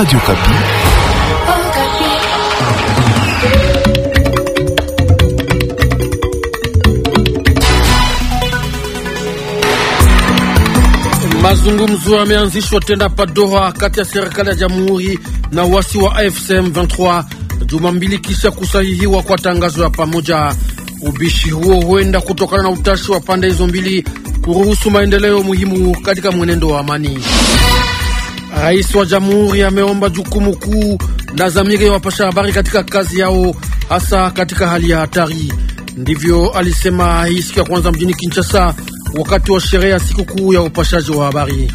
Radio Okapi. Mazungumzo yameanzishwa tena pa Doha kati ya serikali ya Jamhuri na wasi wa AFC M23 juma mbili kisha kusahihiwa kwa tangazo ya pamoja. Ubishi huo huenda kutokana na utashi wa pande hizo mbili kuruhusu maendeleo muhimu katika mwenendo wa amani. Rais wa jamhuri ameomba jukumu kuu na zamiri ya wapasha habari katika kazi yao, hasa katika hali ya hatari. Ndivyo alisema hii siku ya kwanza mjini Kinshasa wakati wa sherehe ya sikukuu ya upashaji wa habari.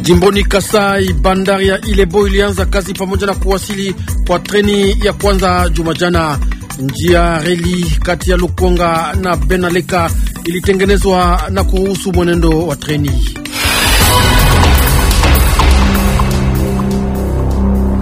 Jimboni Kasai, bandari ya Ilebo ilianza kazi pamoja na kuwasili kwa treni ya kwanza Jumajana. Njia reli kati ya Lukonga na Benaleka ilitengenezwa na kuruhusu mwenendo wa treni.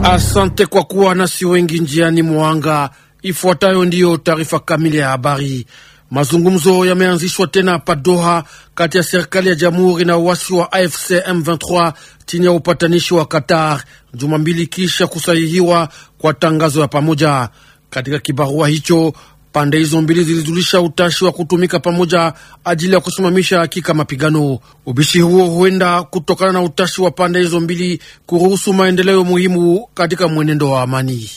Asante kwa kuwa nasi wengi njiani mwanga. Ifuatayo ndiyo taarifa kamili ya habari. Mazungumzo yameanzishwa tena pa Doha kati ya serikali ya jamhuri na uasi wa AFC M23 chini ya upatanishi wa Qatar, juma mbili kisha kusahihiwa kwa tangazo ya pamoja. Katika kibarua hicho Pande hizo mbili zilizulisha utashi wa kutumika pamoja ajili ya kusimamisha hakika mapigano. Ubishi huo huenda kutokana na utashi wa pande hizo mbili kuruhusu maendeleo muhimu katika mwenendo wa amani.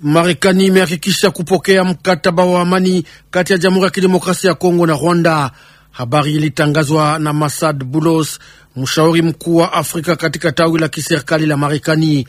Marekani imehakikisha kupokea mkataba wa amani kati ya Jamhuri ya Kidemokrasia ya Kongo na Rwanda. Habari ilitangazwa na Masad Bulos, mshauri mkuu wa Afrika katika tawi la kiserikali la Marekani,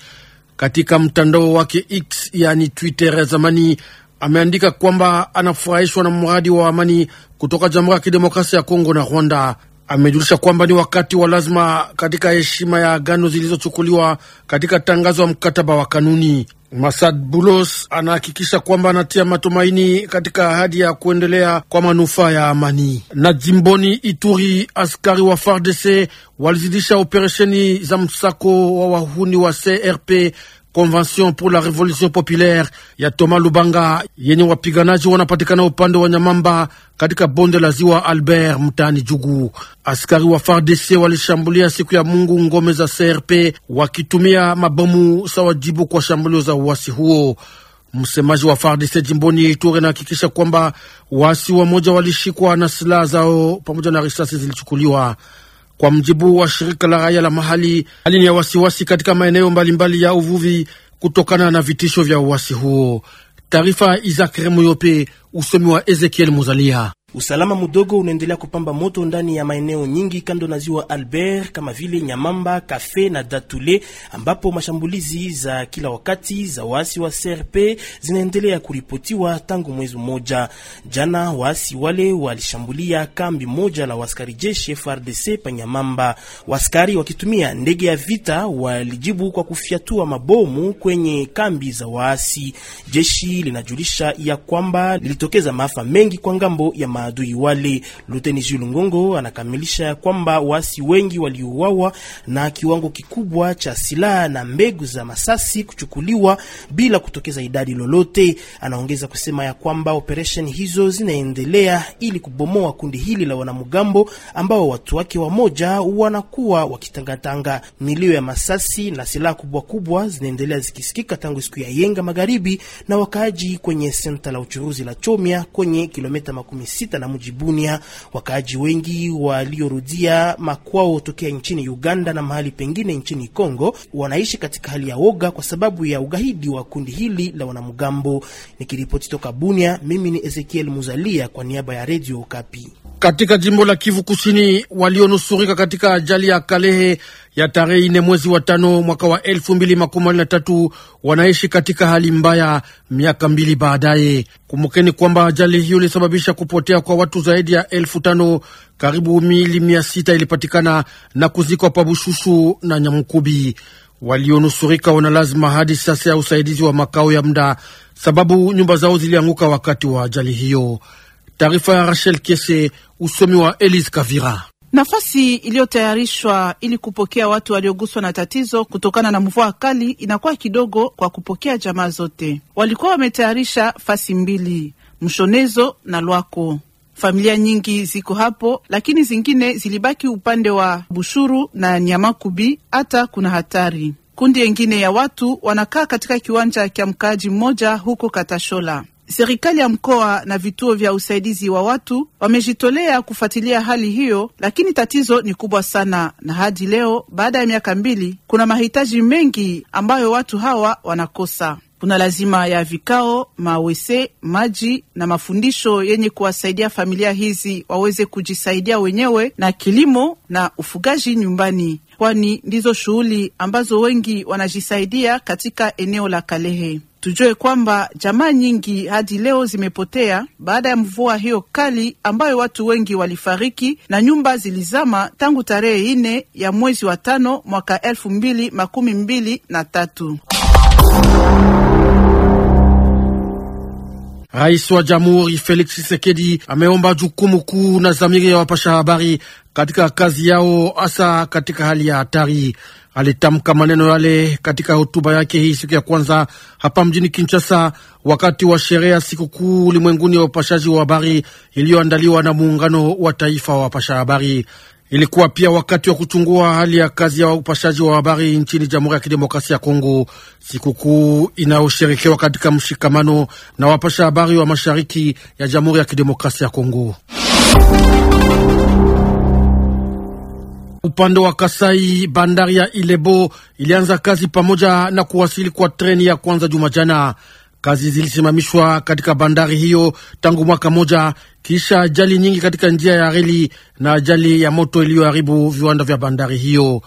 katika mtandao wake X, yani Twitter ya zamani ameandika kwamba anafurahishwa na mradi wa amani kutoka Jamhuri ya Kidemokrasia ya Kongo na Rwanda. Amejulisha kwamba ni wakati wa lazima katika heshima ya agano zilizochukuliwa katika tangazo ya mkataba wa kanuni. Masad Bulos anahakikisha kwamba anatia matumaini katika ahadi ya kuendelea kwa manufaa ya amani. Na jimboni Ituri, askari wa FARDC walizidisha operesheni za msako wa wahuni wa CRP Convention pour la Revolution Populaire ya Thomas Lubanga yenye wapiganaji wanapatikana upande wa Nyamamba katika bonde la ziwa Albert mtaani Jugu. Askari wa FARDC walishambulia siku ya Mungu ngome za CRP wakitumia mabomu sawa jibu kwa shambulio za uasi huo. Msemaji wa FARDC jimboni Ituri anahakikisha kwamba waasi moja walishikwa na silaha zao pamoja na risasi zilichukuliwa. Kwa mjibu wa shirika la raia la mahali, hali ni ya wasiwasi katika maeneo mbalimbali ya uvuvi kutokana na vitisho vya uasi huo. Taarifa Isaac Remoyope, usomi wa Ezekiel Muzalia. Usalama mdogo unaendelea kupamba moto ndani ya maeneo nyingi kando na ziwa Albert kama vile Nyamamba, Kafe na Datule, ambapo mashambulizi za kila wakati za waasi wa CRP zinaendelea kuripotiwa tangu mwezi mmoja. Jana waasi wale walishambulia kambi moja la waskari jeshi frdc pa Nyamamba. Waskari wakitumia ndege ya vita walijibu kwa kufyatua mabomu kwenye kambi za waasi. Jeshi linajulisha ya kwamba lilitokeza maafa mengi kwa ngambo ya maadui wale. Luteni Jules Ngongo anakamilisha kwamba waasi wengi waliuawa na kiwango kikubwa cha silaha na mbegu za masasi kuchukuliwa bila kutokeza idadi lolote. Anaongeza kusema ya kwamba operesheni hizo zinaendelea ili kubomoa kundi hili la wanamgambo ambao watu wake wamoja wanakuwa wakitangatanga. Milio ya masasi na silaha kubwa kubwa zinaendelea zikisikika tangu siku ya Yenga magharibi na wakaaji kwenye senta la uchuruzi la Chomia kwenye kilomita makumi sita sita na bunia Wakaaji wengi waliorudia makwao tokea nchini Uganda na mahali pengine nchini Kongo wanaishi katika hali ya woga kwa sababu ya ugaidi wa kundi hili la wanamgambo. Nikiripoti toka Bunia, mimi ni Ezekiel Muzalia kwa niaba ya redio ukapi Katika jimbo la Kivu Kusini, walionusurika katika ajali ya Kalehe ya tarehe ine mwezi wa tano mwaka wa elfu mbili makumi na tatu wanaishi katika hali mbaya miaka mbili baadaye. Kumbukeni kwamba ajali hiyo ilisababisha kupotea kwa watu zaidi ya elfu tano karibu miili mia sita ilipatikana na kuzikwa Pabushushu na Nyamukubi. Walionusurika wana lazima hadi sasa ya usaidizi wa makao ya muda, sababu nyumba zao zilianguka wakati wa ajali hiyo. Taarifa ya Rachel Kese, usomi wa Elise Kavira. Nafasi iliyotayarishwa ili kupokea watu walioguswa na tatizo kutokana na mvua kali inakuwa kidogo kwa kupokea jamaa zote. Walikuwa wametayarisha fasi mbili, Mshonezo na Lwako. Familia nyingi ziko hapo, lakini zingine zilibaki upande wa Bushuru na Nyamakubi. Hata kuna hatari, kundi yengine ya watu wanakaa katika kiwanja kya mkaaji mmoja huko Katashola. Serikali ya mkoa na vituo vya usaidizi wa watu wamejitolea kufuatilia hali hiyo, lakini tatizo ni kubwa sana, na hadi leo baada ya miaka mbili kuna mahitaji mengi ambayo watu hawa wanakosa. Kuna lazima ya vikao, mawese, maji na mafundisho yenye kuwasaidia familia hizi waweze kujisaidia wenyewe na kilimo na ufugaji nyumbani, kwani ndizo shughuli ambazo wengi wanajisaidia katika eneo la Kalehe. Tujue kwamba jamaa nyingi hadi leo zimepotea baada ya mvua hiyo kali ambayo watu wengi walifariki na nyumba zilizama tangu tarehe ine ya mwezi wa tano mwaka elfu mbili makumi mbili na tatu. Rais wa Jamhuri Felix chisekedi ameomba jukumu kuu na zamiri ya wapasha habari katika kazi yao, hasa katika hali ya hatari. Alitamka maneno yale katika hotuba yake hii siku ya kwanza hapa mjini Kinshasa, wakati wa sherehe ya sikukuu ulimwenguni ya upashaji wa habari iliyoandaliwa na muungano wa taifa wa wapasha habari. Ilikuwa pia wakati wa kuchungua hali ya kazi ya upashaji wa habari nchini Jamhuri ya Kidemokrasia ya Kongo, sikukuu inayosherekewa katika mshikamano na wapasha habari wa mashariki ya Jamhuri ya Kidemokrasia ya Kongo. Upande wa Kasai, bandari ya Ilebo ilianza kazi pamoja na kuwasili kwa treni ya kwanza jumajana Kazi zilisimamishwa katika bandari hiyo tangu mwaka moja kisha ajali nyingi katika njia ya reli na ajali ya moto iliyoharibu viwanda vya bandari hiyo.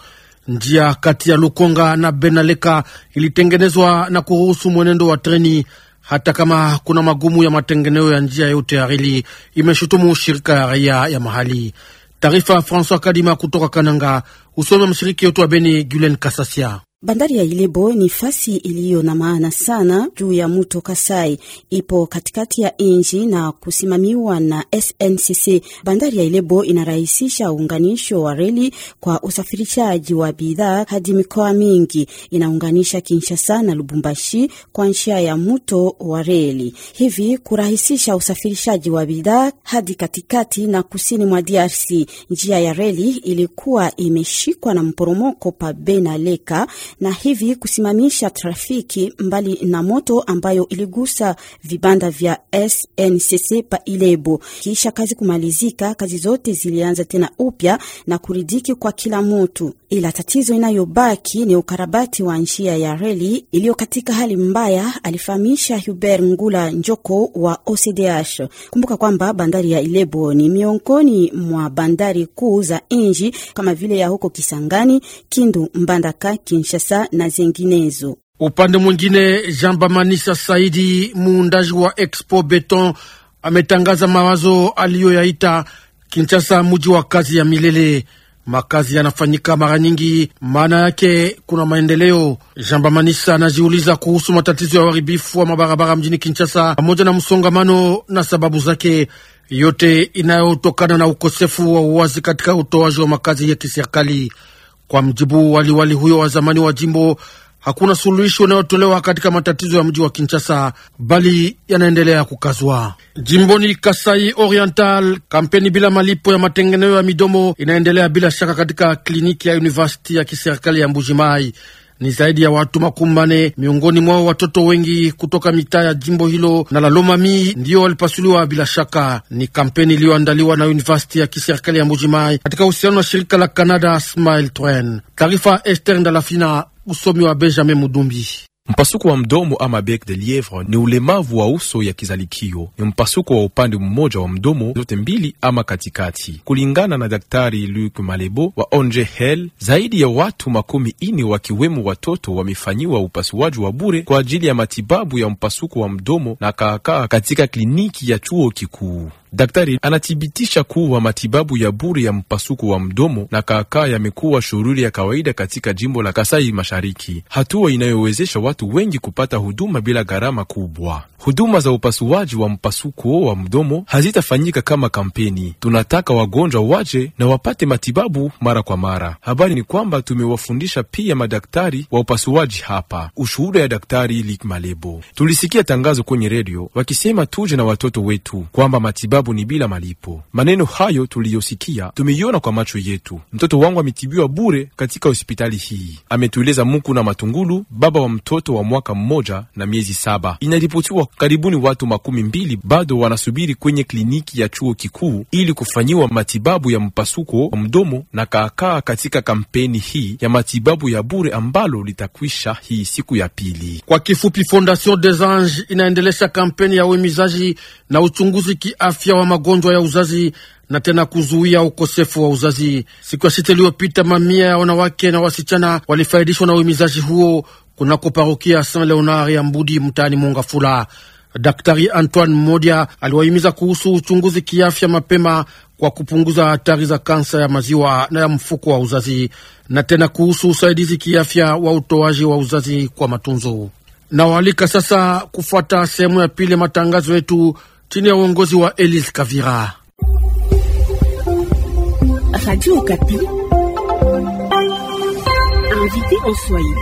Njia kati ya Lukonga na Benaleka ilitengenezwa na kuruhusu mwenendo wa treni, hata kama kuna magumu ya matengenezo ya njia yote ya reli, imeshutumu shirika ya raia ya mahali. Taarifa François Kadima kutoka Kananga, usome mshiriki wetu wa Beni Gulen Kasasia. Bandari ya Ilebo ni fasi iliyo na maana sana juu ya mto Kasai. Ipo katikati ya nchi na kusimamiwa na SNCC. Bandari ya Ilebo inarahisisha uunganisho wa reli kwa usafirishaji wa bidhaa hadi mikoa mingi. Inaunganisha Kinshasa na Lubumbashi kwa njia ya mto wa reli, hivi kurahisisha usafirishaji wa bidhaa hadi katikati na kusini mwa DRC. Njia ya reli ilikuwa imeshikwa na mporomoko pa Benaleka na hivi kusimamisha trafiki, mbali na moto ambayo iligusa vibanda vya SNCC pa Ilebo. Kisha kazi kumalizika, kazi zote zilianza tena upya na kuridhiki kwa kila mtu ila tatizo inayobaki ni ukarabati wa njia ya reli iliyo katika hali mbaya, alifahamisha Hubert Ngula Njoko wa OCDH. Kumbuka kwamba bandari ya Ilebo ni miongoni mwa bandari kuu za nji kama vile ya huko Kisangani, Kindu, Mbandaka, Kinshasa na zinginezo. Upande mwingine, Jean Bamanisa Saidi, muundaji wa Expo Beton, ametangaza mawazo aliyoyaita Kinshasa muji wa kazi ya milele makazi yanafanyika mara nyingi, maana yake kuna maendeleo. Jamba Manisa anajiuliza kuhusu matatizo ya uharibifu wa mabarabara mjini Kinshasa pamoja na msongamano na sababu zake yote inayotokana na ukosefu wa uwazi katika utoaji wa makazi ya kiserikali. Kwa mjibu waliwali wali huyo wa zamani wa jimbo hakuna suluhisho inayotolewa katika matatizo ya mji wa Kinshasa, bali yanaendelea kukazwa. Jimboni Kasai Oriental, kampeni bila malipo ya matengenezo ya midomo inaendelea bila shaka katika kliniki ya universiti ya kiserikali ya Mbujimai. Ni zaidi ya watu makumi mane, miongoni mwao watoto wengi kutoka mitaa ya jimbo hilo na la Lomami ndiyo walipasuliwa bila shaka. Ni kampeni iliyoandaliwa na universiti ya kiserikali ya Mbujimai katika uhusiano na shirika la Canada Smile Train. Taarifa Ester Ndalafina Usomi wa Benjamin Mudumbi. Mpasuko wa mdomo ama bec de lièvre ni ulemavu wa uso ya kizalikio, ni mpasuko wa upande mmoja wa mdomo zote mbili ama katikati. Kulingana na Daktari Luc Malebo wa Onge Hel, zaidi ya watu makumi ini wakiwemo watoto wamefanyiwa upasuaji wa bure kwa ajili ya matibabu ya mpasuko wa mdomo na kaakaa katika kliniki ya chuo kikuu. Daktari anathibitisha kuwa matibabu ya bure ya mpasuko wa mdomo na kaakaa yamekuwa shughuli ya kawaida katika jimbo la Kasai Mashariki, hatua inayowezesha watu wengi kupata huduma bila gharama kubwa. Huduma za upasuaji wa mpasuko wa mdomo hazitafanyika kama kampeni. Tunataka wagonjwa waje na wapate matibabu mara kwa mara. Habari ni kwamba tumewafundisha pia madaktari wa upasuaji hapa. Ushuhuda ya Daktari Lik Malebo, tulisikia tangazo kwenye redio wakisema tuje na watoto wetu kwamba matibabu matibabu ni bila malipo. Maneno hayo tuliyosikia tumeiona kwa macho yetu. Mtoto wangu ametibiwa bure katika hospitali hii, ametueleza Muku na Matungulu, baba wa mtoto wa mwaka mmoja na miezi saba. Inaripotiwa karibuni watu makumi mbili bado wanasubiri kwenye kliniki ya chuo kikuu ili kufanyiwa matibabu ya mpasuko wa mdomo na kaakaa katika kampeni hii ya matibabu ya bure ambalo litakwisha hii siku ya pili. Kwa kifupi, Fondation des Anges inaendelesha kampeni ya uhimizaji na uchunguzi kiafya ufuatiliaji wa magonjwa ya uzazi na tena kuzuia ukosefu wa uzazi. Siku ya sita iliyopita, mamia ya wanawake na wasichana walifaidishwa na uhimizaji huo kunako parokia Saint Leonard ya Mbudi mtaani Mongafula. Daktari Antoine Modia aliwahimiza kuhusu uchunguzi kiafya mapema kwa kupunguza hatari za kansa ya maziwa na ya mfuko wa uzazi na tena kuhusu usaidizi kiafya wa utoaji wa uzazi kwa matunzo. Nawaalika sasa kufuata sehemu ya pili matangazo yetu chini ya uongozi wa Elise Kavira. Radio invité en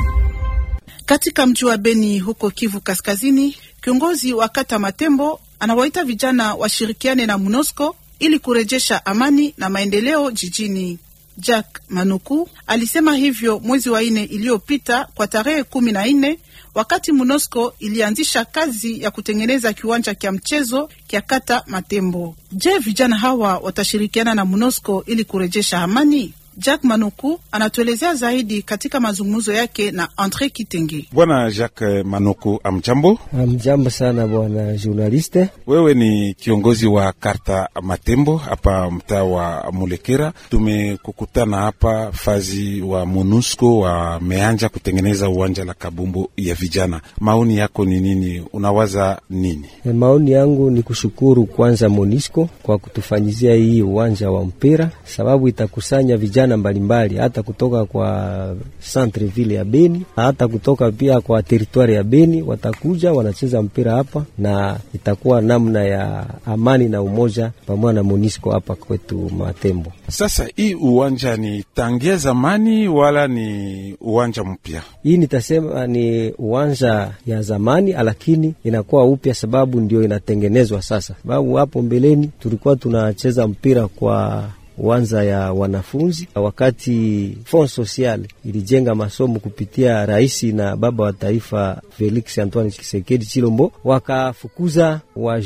Katika mji wa Beni huko Kivu Kaskazini, kiongozi wa kata Matembo anawaita vijana washirikiane na MONUSCO ili kurejesha amani na maendeleo jijini. Jack Manuku alisema hivyo mwezi wa nne iliyopita kwa tarehe kumi na nne wakati MONUSCO ilianzisha kazi ya kutengeneza kiwanja kya mchezo kya kata Matembo. Je, vijana hawa watashirikiana na MONUSCO ili kurejesha amani? Jack Manuku anatuelezea zaidi katika mazungumzo yake na Andre Kitenge. Bwana Jack Manuku, amjambo. Amjambo sana bwana journaliste. Wewe ni kiongozi wa Karta Matembo hapa mtaa wa Mulekera. Tumekukutana hapa fazi wa MONUSCO wameanja kutengeneza uwanja la kabumbu ya vijana. Maoni yako ni nini? Unawaza nini? Eh, maoni yangu ni kushukuru kwanza MONUSCO kwa kutufanyizia hii uwanja wa mpira, sababu itakusanya vijana vijana mbalimbali, hata kutoka kwa centre ville ya Beni, hata kutoka pia kwa teritwari ya Beni, watakuja wanacheza mpira hapa, na itakuwa namna ya amani na umoja pamoja na Monisco hapa kwetu Matembo. Sasa hii uwanja ni tangia zamani wala ni uwanja mpya? Hii nitasema ni uwanja ya zamani, lakini inakuwa upya sababu ndio inatengenezwa sasa, sababu hapo mbeleni tulikuwa tunacheza mpira kwa wanza ya wanafunzi wakati Fond Social ilijenga masomo kupitia raisi na baba wa taifa Felix Antoine chisekedi Chilombo, wakafukuza wa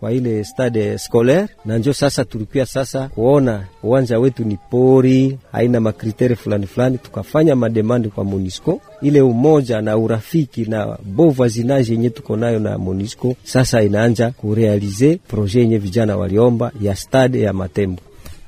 kwa ile stade scolaire, na njo sasa tulikwia sasa kuona uwanja wetu ni pori, haina makriteri fulani fulani. Tukafanya mademande kwa Monisco, ile umoja na urafiki na bovoisinage yenye tuko nayo na Monisco sasa inaanja kurealize proje yenye vijana waliomba ya stade ya Matembo.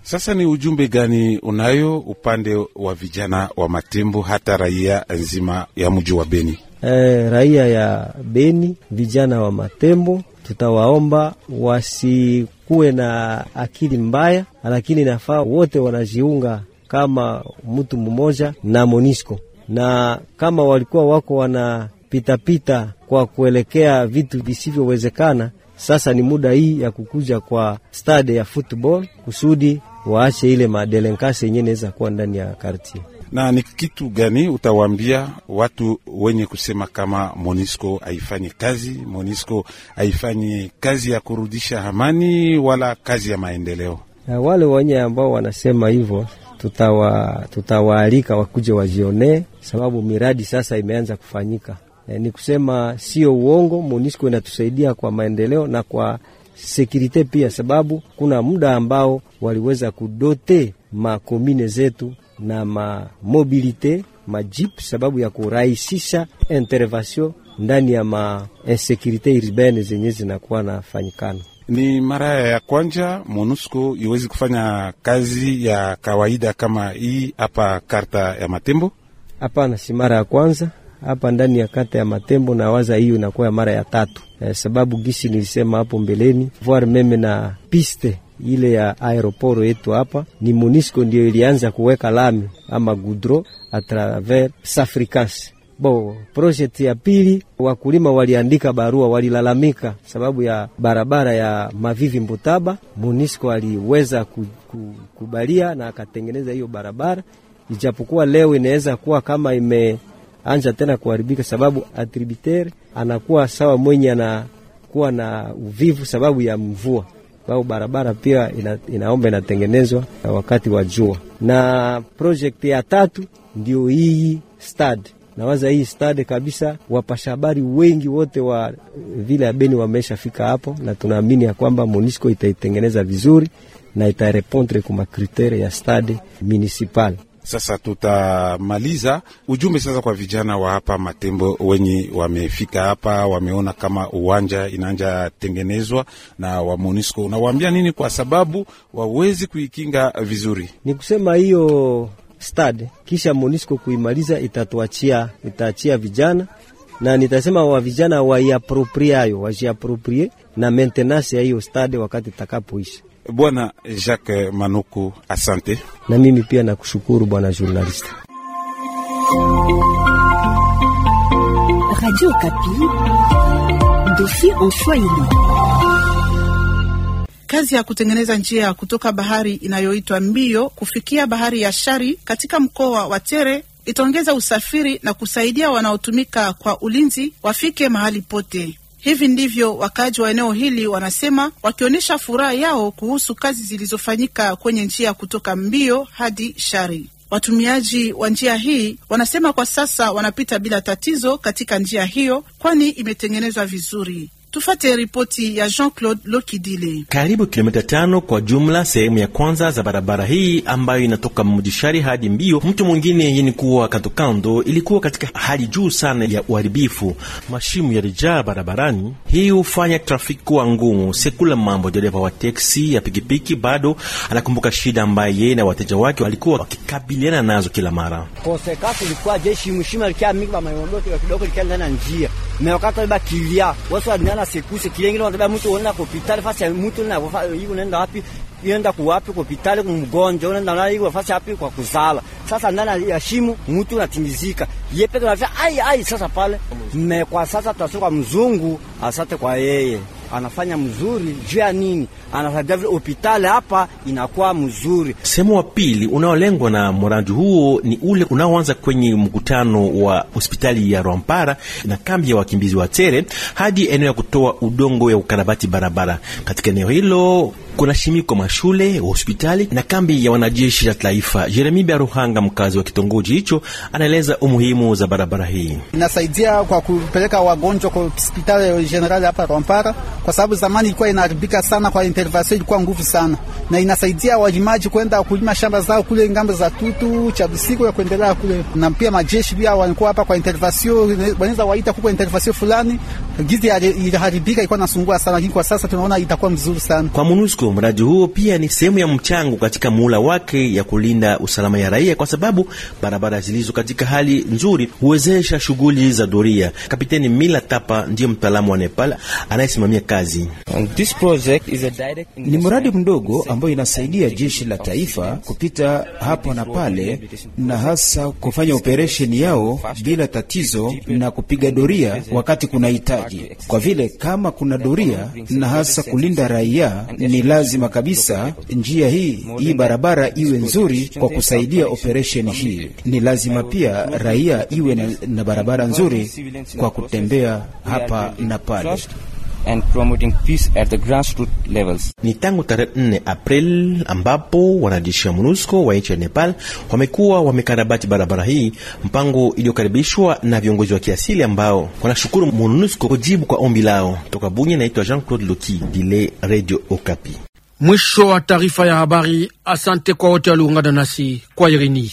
Sasa ni ujumbe gani unayo upande wa vijana wa Matembo hata raia nzima ya mji wa Beni? E, raia ya Beni, vijana wa Matembo tutawaomba wasikuwe na akili mbaya, lakini nafaa wote wanajiunga kama mtu mmoja na Monisco, na kama walikuwa wako wanapitapita kwa kuelekea vitu visivyowezekana, sasa ni muda hii ya kukuja kwa stade ya football kusudi waache ile madelenkasi yenyewe inaweza kuwa ndani ya kartie Na ni kitu gani utawaambia watu wenye kusema kama Monisco haifanyi kazi? Monisco haifanyi kazi ya kurudisha amani wala kazi ya maendeleo. Na wale wenye ambao wanasema hivyo tutawa tutawaalika wakuje wajionee, sababu miradi sasa imeanza kufanyika. E, ni kusema sio uongo. Monisco inatusaidia kwa maendeleo na kwa sekirite pia, sababu kuna muda ambao waliweza kudote makomine zetu na mamobilite majip sababu ya kurahisisha intervention ndani ya ma insekurite urbaine zenye zinakuwa nafanyikana. Ni mara ya kwanja MONUSCO iwezi kufanya kazi ya kawaida kama hii hapa karta ya Matembo? Hapana, si mara ya kwanza hapa ndani ya kata ya Matembo na waza hiyo inakuwa mara ya tatu, eh, sababu gisi nilisema hapo mbeleni voir meme na piste ile ya aeroporo yetu hapa ni Monisco ndio ilianza kuweka lami ama gudro a travers Safricas. Bo projekti ya pili, wakulima waliandika barua, walilalamika sababu ya barabara ya Mavivi Mbutaba. Monisco aliweza kukubalia na akatengeneza hiyo barabara, ijapokuwa leo inaweza kuwa kama ime anja tena kuharibika, sababu atributaire anakuwa sawa mwenye anakuwa na uvivu sababu ya mvua bao barabara pia ina, inaomba inatengenezwa wakati wa jua. Na projekti ya tatu ndio hii stad nawaza hii stad kabisa, wapasha habari wengi wote wa vile ya Beni wameshafika hapo, na tunaamini ya kwamba Monisco itaitengeneza vizuri na itarepondre kuma kriteria ya stade municipal. Sasa tutamaliza ujumbe sasa kwa vijana wa hapa Matembo wenye wamefika hapa, wameona kama uwanja inaanja tengenezwa na wa Monisco. Unawaambia nini kwa sababu wawezi kuikinga vizuri? Ni kusema hiyo stad kisha Monisco kuimaliza itatuachia, itaachia vijana na nitasema wa vijana waiaproprie hayo, wajiaproprie na maintenance ya hiyo stade wakati itakapoisha. Bwana Jacques Manuku, asante. Na mimi pia nakushukuru bwana journalist. Radio Kapi, dossier en Swahili. Kazi ya kutengeneza njia kutoka bahari inayoitwa Mbio kufikia bahari ya Shari katika mkoa wa Tere itaongeza usafiri na kusaidia wanaotumika kwa ulinzi wafike mahali pote. Hivi ndivyo wakaaji wa eneo hili wanasema, wakionyesha furaha yao kuhusu kazi zilizofanyika kwenye njia kutoka Mbio hadi Shari. Watumiaji wa njia hii wanasema kwa sasa wanapita bila tatizo katika njia hiyo, kwani imetengenezwa vizuri. Tufate ripoti ya Jean-Claude Lokidile. Karibu kilomita tano kwa jumla sehemu ya kwanza za barabara hii ambayo inatoka Mujishari hadi Mbio, mtu mwingine yeni kuwa kandokando, ilikuwa katika hali juu sana ya uharibifu. Mashimu yalijaa barabarani, hii hufanya trafiki kuwa ngumu. Sekula Mambo, dereva wa teksi ya pikipiki, bado anakumbuka shida ambayo yeye na wateja wake walikuwa wakikabiliana nazo kila mara. ilikuwa jeshi mshima likia wa likia njia me wakati weba kilia wasi wanala sekuse kile ingine wanabeba mtu unaenda kopitali fasi ya mtu unaenda wapi ienda kuwapi kopitali kumgonjwa unaenda na hiyo fasi hapi kwa kuzala sasa ndani ya shimo mtu unatimizika yeye pekee ai ai sasa pale me kwa sasa tutasema mzungu asate kwa yeye anafanya mzuri juu ya nini? Anasaidia vile hapa inakuwa mzuri. Sehemu wa pili unaolengwa na mradi huo ni ule unaoanza kwenye mkutano wa hospitali ya Rwampara na kambi ya wakimbizi wa Tere hadi eneo ya kutoa udongo ya ukarabati barabara katika eneo hilo kuna shimiko mashule, hospitali na kambi ya wanajeshi ya taifa. Jeremi Baruhanga, mkazi wa kitongoji hicho, anaeleza umuhimu za barabara hii. Inasaidia kwa kupeleka wagonjwa kwa hospitali ya jenerali hapa Rwampara, kwa sababu zamani ilikuwa inaharibika sana, kwa intervention ilikuwa nguvu sana, na inasaidia walimaji kwenda kulima shamba zao kule ngambo za Tutu cha Bisiko ya kuendelea kule, na pia majeshi pia walikuwa hapa kwa intervention, wanaweza waita kwa intervention fulani, gizi iliharibika ilikuwa nasungua sana, lakini kwa sasa tunaona itakuwa mzuri sana kwa munusiko MONUSCO. Mradi huo pia ni sehemu ya mchango katika muula wake ya kulinda usalama ya raia, kwa sababu barabara zilizo katika hali nzuri huwezesha shughuli za doria. Kapiteni Mila Tapa ndiye mtaalamu wa Nepal anayesimamia kazi. Ni mradi mdogo ambayo inasaidia jeshi la taifa kupita hapo na pale, na hasa kufanya operesheni yao bila tatizo na kupiga doria wakati kuna hitaji, kwa vile kama kuna doria na hasa kulinda raia ni lazima kabisa njia hii hii barabara iwe nzuri kwa kusaidia operesheni hii. Ni lazima pia raia iwe na barabara nzuri kwa kutembea hapa na pale and promoting peace at the grassroots levels. Ni tangu tarehe 4 April ambapo wanajeshi wa MONUSCO wa nchi ya Nepal wamekuwa wamekarabati barabara hii, mpango iliyokaribishwa na viongozi wa kiasili ambao wanashukuru MONUSCO kujibu kwa ombi lao. Toka Bunya, naitwa Jean-Claude Loki dile Radio Okapi. Mwisho wa taarifa ya habari. Asante kwa wote waliungana nasi kwa Irini.